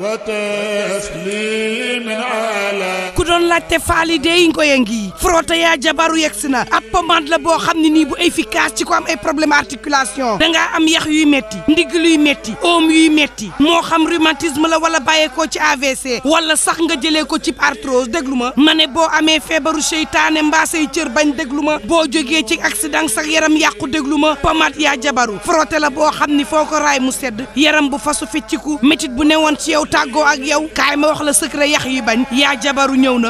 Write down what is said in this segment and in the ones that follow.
وتسليم على doon laajte faali dey ngi frotté yaa jabaru yegsi na ab pommade la boo xam ne nii bu efficace ci ko am ay problème articulation dangaa am yax yuy metti ndigg luy metti oom yuy metti moo xam rhumatisme la wala bàyyeekoo ci AVC wala sax nga jëlee ko ci arthrose déglu ma ma ne boo amee feebaru seytaane mbaasay cër bañ déglu ma boo jógee ci accident sax yaram yàqu déglu ma pommade yaa jabaru frotté la boo xam ni foo ko raay mu sedd yaram bu fasu fecciku métit bu newoon ci yow tàggoo ak yow kaay ma wax la secret yax yi bañ yaa jabaru ñëw na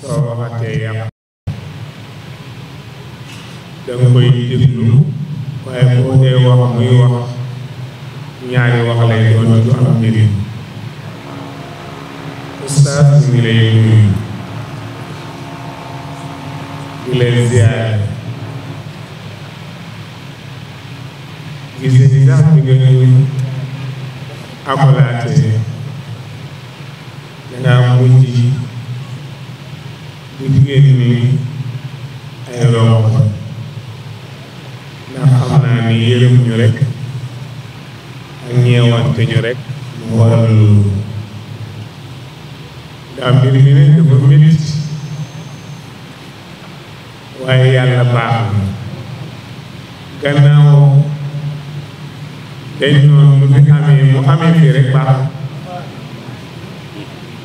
soo waxatee yàq danga koy déglu waaye boo dee wax muy wax ñaari wax lay doon du am njëriñ ustaas mi ngi lay nuyu di leen ziyaare gisee ni sax nga ñuy akolaatee dangaa mujj jigéen ñi ay rongo ndax xam naa ni yërëm ñu rek ak ñeewante ñu rek waral loolu mbir mi dafa waaye yàlla baax na gannaaw dañ noonu fi amee mu amee fii rek baax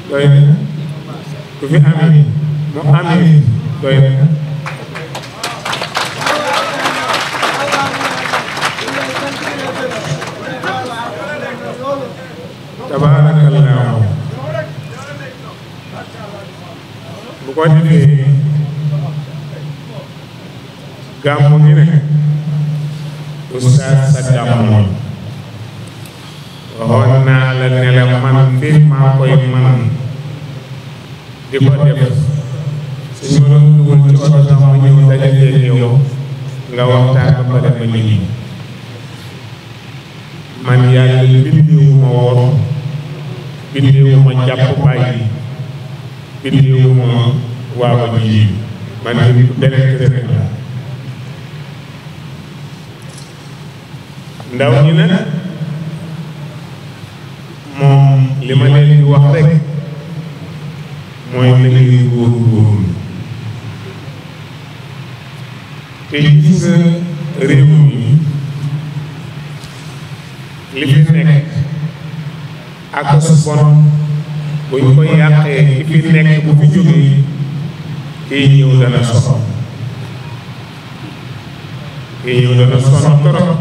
doy na ku fi amee amin doy na tabarakallah bu ko ini gàmmu sadamun. ne oustaz sa di suñu borom dugal ci oto ma ñëw dajaleeg yow nga waxtaan ba pare ma ñibbi man yàlla bindeewuma woor bindeewuma jàpp bàyyi bindeewuma waaw ji man tamit beneen kër la ndaw ñi nag moom li ma leen di wax rek mooy na ngeen góor góorlu te gis nga réew li fi nekk ak su bon buñ ko yàqee ki fi nekk bu fi jógee ñëw dana sono kii ñëw dana sono trop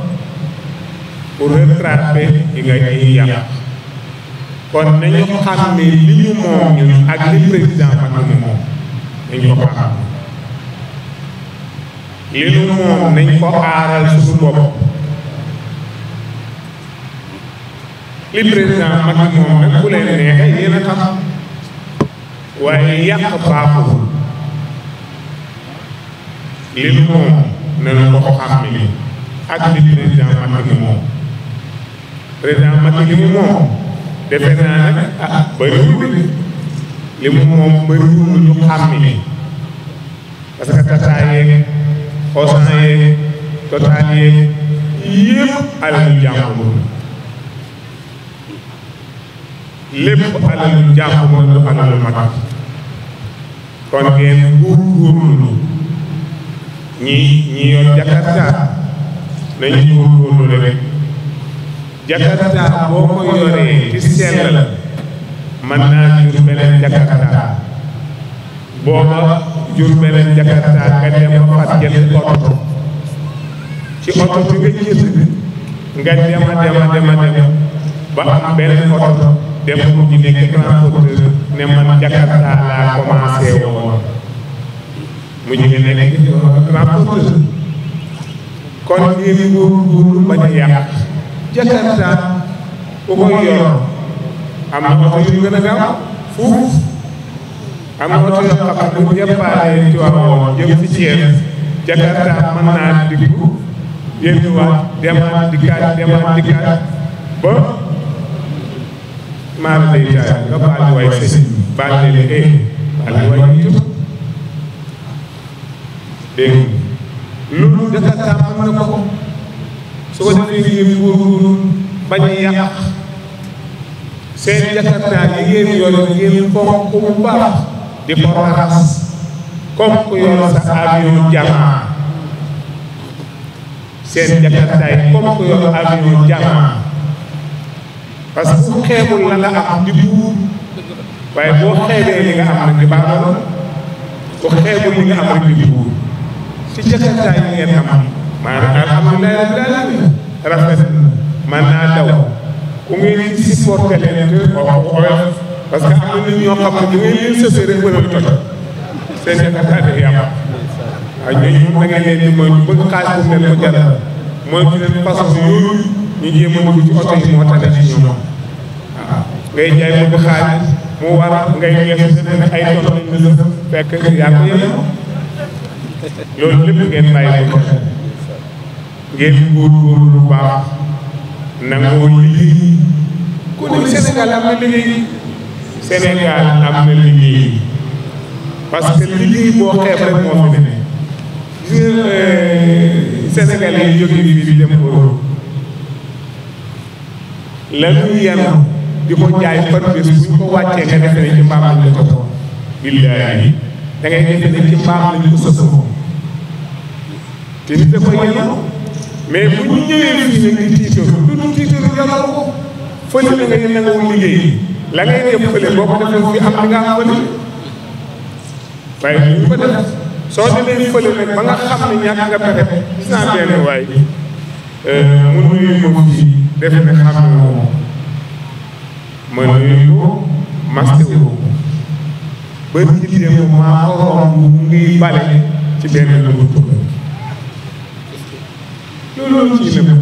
pour rattraper yi nga ñuy yàq kon nañu xam ne li ñu moom ñun ak li président Macky moom nañu ko xam li nu moom nañ ko aaral suñu bopp li président Macky moom nag bu leen neexee yéen a tax waaye yàq baaxul li moom nanu ko xam ni ak li président Macky moom président Macky li mu moom defe naa nag ah, li mu moom bëriwul ñu xam ni parce que tataayee xosan yeeg total yeeg yëpp alalu jàmbur lépp alalu jàmbur du alalu mag kon ngeen góor góorlu ñi ñi yoon jakarta nañ góor góorlu rek jakarta boo ko yoree ci sell la mën naa booba Jurbel ak Jakarta nga dem a fat jënd oto ci oto bi nga nga dem a dem a dem ba am benn oto dem mu di nekk transporteur ne man Jakarta laa commencé woon mu ji nekk kon lii góorgóorlu bañ a yàq Jakarta ku ko yor oto yu gën a gaaw am na oto xam ne bu jëppaaree ci waawoon jëm si Thiès Jakarta mën naa dikku yéenuwaat demaat dikkaat demaat dikkaat ba maar day taal nga baal way sëñ baal leen eh baal way jub dégg loolu Jakarta mën na ko su ko defee yéen buur bañ a yàq seen Jakarta yi ngeen yore ngeen bu baax di ko raxas comme sa avion jamaa seen jakartaay comme ku yor avion jamaa parce que nga am di buur waaye boo xeebee li nga am nag di baaxoon ku nga am rek di buur ci jakartaay yi ngeen am maanaam alhamdulilah rabbil alamin rafet mën naa daw ku ngeen ci parce que am na nit ñoo xam ne bu ngeen leen sësee toj seen yaakaar yàqu waaye ñooñu da ngeen leen ñu bëgg xaalis ñu leen ñu jéem a dugg ci oto yi moo tane ci ñoom waaw ngay jaay mu bëgg xaalis mu yaa ko loolu lépp ngeen bàyyi ko ngeen góorgóorlu lu baax nangoo liggéey ku ne Sénégal am na liggéey Sénégal am na liggéey parce que liggéey boo xeeb rek moo fi ne Sénégal yi jóge fii di dem Europe la ñuy yan di ko jaay par bés bu ko wàccee nga defe ne ci mbaam lañ la ko toog billaay yi da ngay defe ci mbaam lañ ko sësoo te nit dafa yenu mais bu ñu ñëwee fii nag di tiitoon du tiitoon yàlla ko fële na nga nangawu liggéey la ngay def fële boo defee fii am li nga fële waaye bu ko def soo demee fële nag ba nga xam ne ñàkk nga pexe gis naa benn waay euh, mu nuyu ko fii defe ne xam ne maa ko mu ngi bale ci benn dugub loolu ci nëbb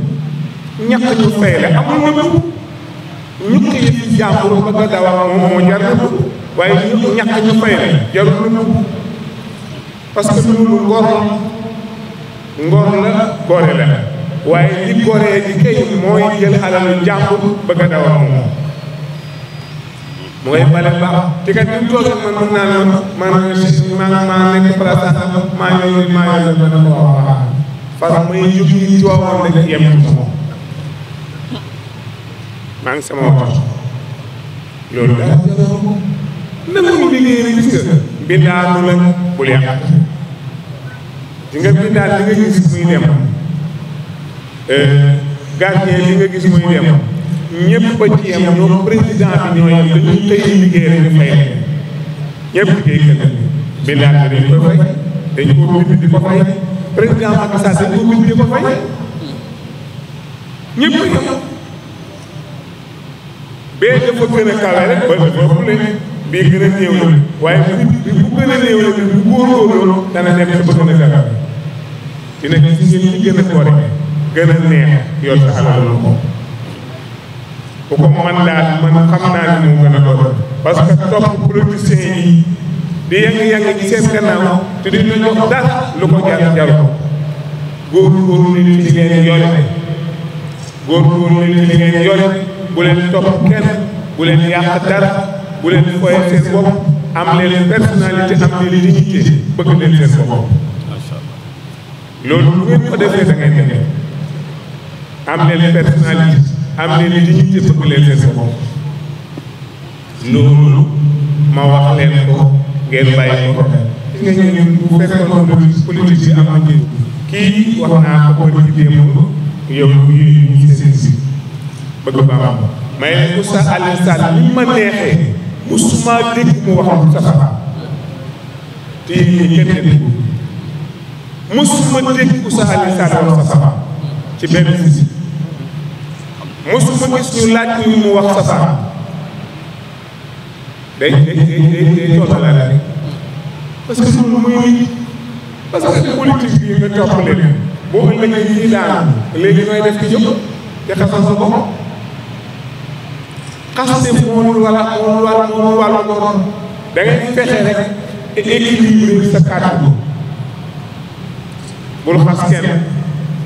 ñàkk ñu fay la amul ñu ko yëpp jàmbur bëgg a moom moo jar nëbb waaye ñu ñàkk ñu fay jarul nëbb parce que loolu ngor ngor gore la waaye li goree di kay mooy jël alalu jàmbur bëgg a dawal moom mu ngay bale baax te kat ñu toog man mun naa la man si man maa nekk place maa ñëw maa ñëw dana ko wax far may yóbbu ñu ci waxoon rek yem ci moom maa ngi sama oto loolu la nangu liggéey rek gis nga mbindaanu la bul yàq di nga mbindaan li nga gis muy dem gardien li nga gis muy dem é a ci yem ñoom président bi ñoo yem dañuy tey liggéey rek ñu é, ñëpp liggéey kër mbindaan la dañ é fay dañ koo bind di ko fay président presidente Sall dañ koo bind di ko fay ñëpp a bee dafa gën a kawe rek ba dafa ëppale bii gën a néew waaye bu gën a néew bu góorgóorlu dana dem ca ni mu gën a parce que góor góor ni ni ci ngeen yore bu leen topp kenn bu leen yàq bu leen foye seen am leen personnalité am leen dignité bëgg leen seen bopp bëgg leen seen bopp loolu ma wax leen ko ngeen bàyyi ko gis nga ñun bu fekkoon politique am na njëriñ kii wax naa ko ko ci démb yi ñu seen si may leen Oustaz Alioune Sall ma neexee musuma dégg mu wax safara te yéen ñi kenn dégg musuma dégg Oustaz Alioune Sall wax safara ci benn sisi musuma gis ñu laaj mu wax safara day day day day toll la rek parce que loolu nit parce que politique nga topp leen boo ëllëgee ñii daan léegi nooy def ki jóg te xasal sa xaste moomul wala moomul wala moomul wala moomul da ngay fexe rek équilibre sa kàddu bul xas kenn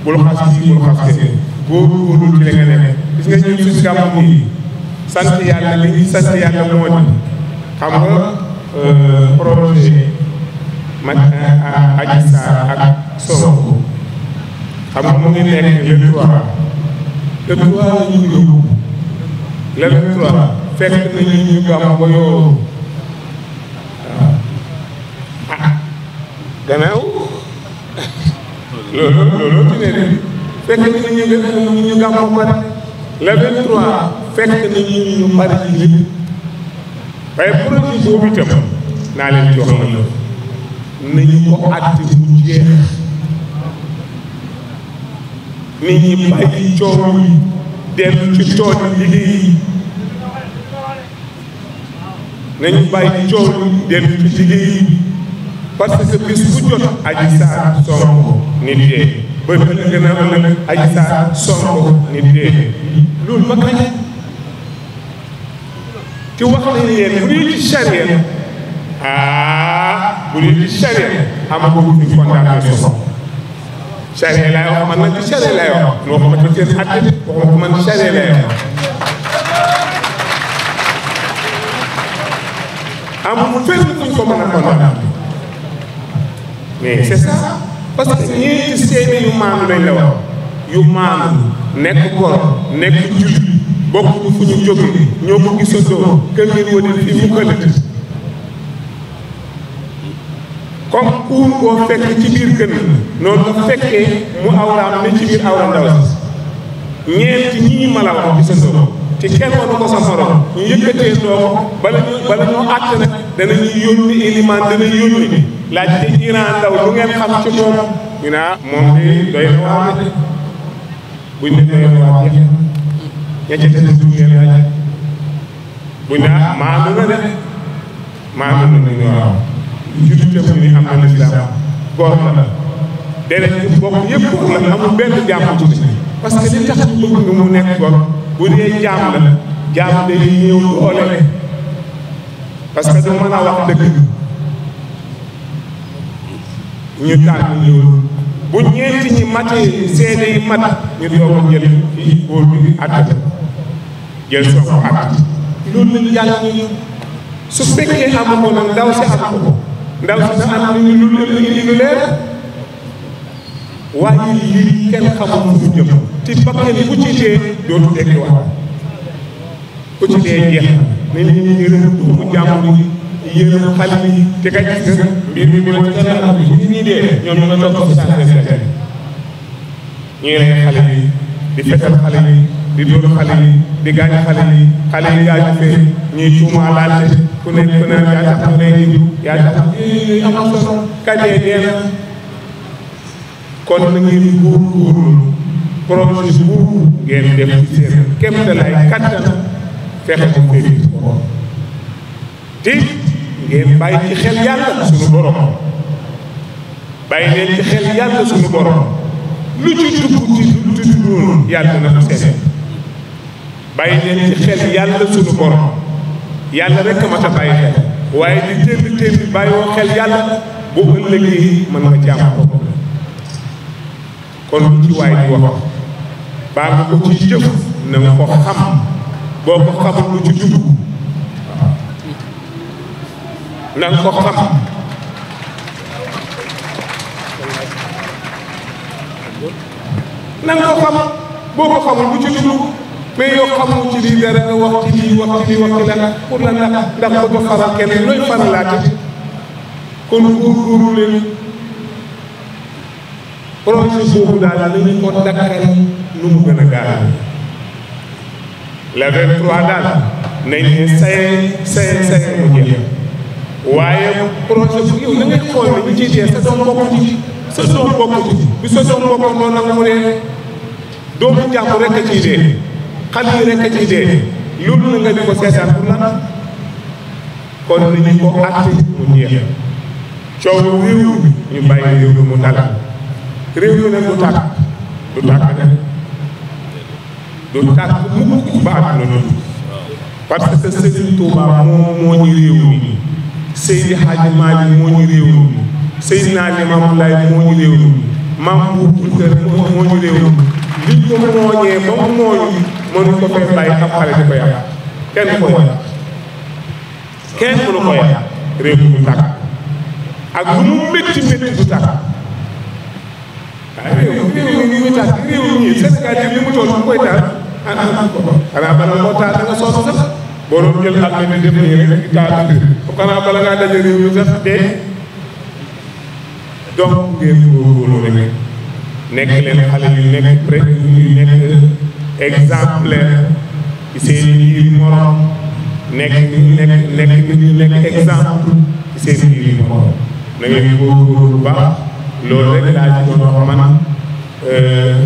bul xas kii bul xas kenn boo góorlu ci li nga ne gis nga ñun suñu gàmmu yi sant yàlla li ñuy sant yàlla moo di xam nga euh, projet man euh, Adji Sarr ak Sonko xam nga mu ngi nekk le trois le trois la ñu ngi yóbbu leneen tubaab ah. fekk nañu ñu gàmm ba yow waaw ah loolu loolu ci ne fekk nañu ñu ñu gàmm ba le 23 fekk nañu ñu pare ci lépp waaye produit boobu itam naa leen jox la nañu ko àtt bu jeex nit ñi bàyyi coow yi dellu ci coow liggéey nañu bàyyi coow dellu ci liggéey parce que bis bu jot aji saar sonko nit dee ba bi la gën a nag aji saar sonko nit dee loolu ba kañ ki wax nañ leen bu dee ci charia ah bu dee ci charia amaguñ fi condamné sonko sariya laay wax man nag ci sariya laay wax loo xamante ni seen àtte amul fenn fuñ ko mën a condamner mais c'est ça parce que seeni yu maanu lañ la yu maanu nekk góor nekk jullit bokk fu ñu jógee ñoo ko gisandoo kër ngeen wële fii mu këlëti comme kuur koo fekk ci biir kër noonu fekkee mu awraam ne ci biir awra ndaw si ñeent ñii ma la wax gisandoo ci kenn wanu ko sa morom ñu yëkkatee doo bala ñu bala ñoo àtt nag danañu yónni ilimaan dana yónni laaj te iran ndaw ngeen xam ci moom ñu ne ah moom de doy na waar buñ ne doy na waar jeex ña ne ah waaw jullit defuñu ni am na lislaam góor la déedéet bokk yëpp bokk la amul benn jàmm tuuti parce que li tax bëgg nga mu nekk góor bu dee jaam la jaam day ñëw du olele parce que du mën a wax dëgg ñu tànn loolu bu ñeenti ñi matee seede yi mat ñu doog a jël kii góor bi àtt jël soxla àtt loolu lañ yàlla ñu su fekkee amu ko nag ndaw si am ndaw si sa am ñu lu lu lu leer waaye lii kenn xamul fu jëm ci bakken bu ci dee dootu dekki waat ku ci dee jeex na nañ leen yërëm bu jàmm yërëm xale yi te ka gis nga mbir mi mooy ca la am bu ñu dee ñoom ñoo toog ko sànq ñu ngi lay xale yi di fetal xale yi di dóor xale yi di gaañ xale yi xale yi yaa ci fee ñuy tuumaalaate ku nekk naan yaa tax mu lay diw yaa tax am solo kon na ngeen góor góorlu projet boobu ngeen def ci seen kéemtalaay kattan fexe ko fee te ngeen bàyyi ci xel yàlla suñu borom bàyyi leen ci xel yàlla suñu borom lu ci dugg lu ci dugg yàlla na ko seetee bàyyi leen ci xel yàlla sunu borom yàlla rek a mat bàyyi xel waaye li téembi téembi bàyyi woo xel yàlla bu ëllëgee mën nga jàmm ko kon lu ci waay di wax baa nga ko ci jëf na ko xam boo ko xamul lu ci dugg mais yoo xamoo ci lii dara wax ci lii wax ci lii wax ci la pour la nag ndax bëgg faral keneen looy faralaate kon góorgóorlu leen projet boobu daal dañu ko dakkal nu mu gën a gaaw le 23 daal nañ ne saye saye saye mu waaye projet bu yow da ngay xool ne bi ci dee sa doom bokk ci sa doom bokk ci bi sa doom bokk noonu nag mu ne doomu jàpp rek a ciy dee xam ñu rekk ci dee loolu na nga di ko seetaan pour lan kon nañu ko àtte mu jeex coow réew ñu bàyyi réew mu dal réew mi nag du tàkk du tàkk nag du tàkk mukk ba àdduna noonu parce que Serigne Touba moo moo ñu réew mi Seydi Hadji Malick moo ñu réew mi Seydina Limamou Laye moo ñu réew mi Mame Bour Kounta moo ñu réew mi liñ ko mooñee ba mu mooñu mënuñ ko fee bàyyi ab xale di ko yàq kenn ko yàq kenn mënu ko yàq réew mi du tàkk ak lu mu métti métti du tàkk waaye réew réew mi muy tàkk réew mi Sénégal yi li mu toll bu koy taal ah ah xanaa bala moo taal da nga sonn sax boo doon jël àll bi def nii rek di taal dëgg xanaa bala ngaa daje réew mi sax dee donc ngeen góorgóorlu rek. nekk leen xale yu nekk pré nekk exemplaire ci seen biir morom nekk nekk nekk nit nekk exemple ci seen biir morom na ngeen góorgóorlu bu baax loolu rek laa ci doon man euh,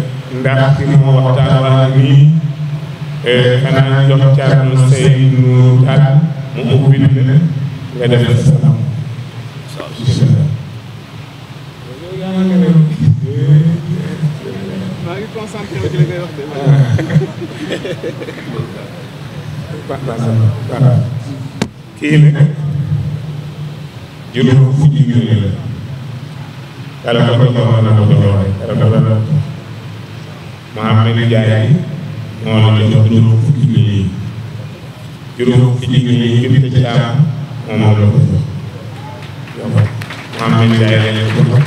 ndax ci moo waxtaan waa nii euh, xanaa jox Thierno Seydou Tall mu ubbi nga def kii nag juróom fukki junni la kala ma ko joxoon na ma la jox juróom fukki junni juróom fukki junni yi binta caam moom la ko jox Mouhamed Ndiaye la ko jox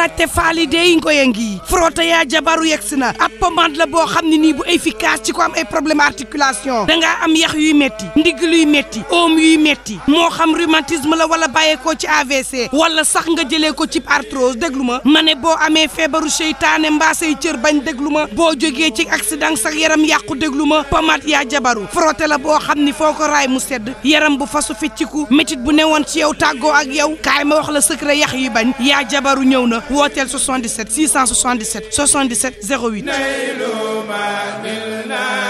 laajte faali dey ngoy a ngi frotté yaa jabaru yegsi na ab pommade la boo xam ne nii bu efficace ci ko am ay problème articulation dangaa am yax yuy metti ndigg luy metti oom yuy metti moo xam rhumatisme la wala bàyyeekoo ci AVC wala sax nga jëlee ko ci arthrose déglu ma ma ne boo amee feebaru seytaane mbaasay cër bañ déglu ma boo jógee ci accident sax yaram yàqu déglu ma pommade yaa jabaru frotté la boo xam ni foo ko raay mu sedd yaram bu fasu fecciku métit bu newoon ci yow tàggoo ak yow kaay ma wax la secret yax yi bañ yaa jabaru ñëw na wooteel 77 677 77 08.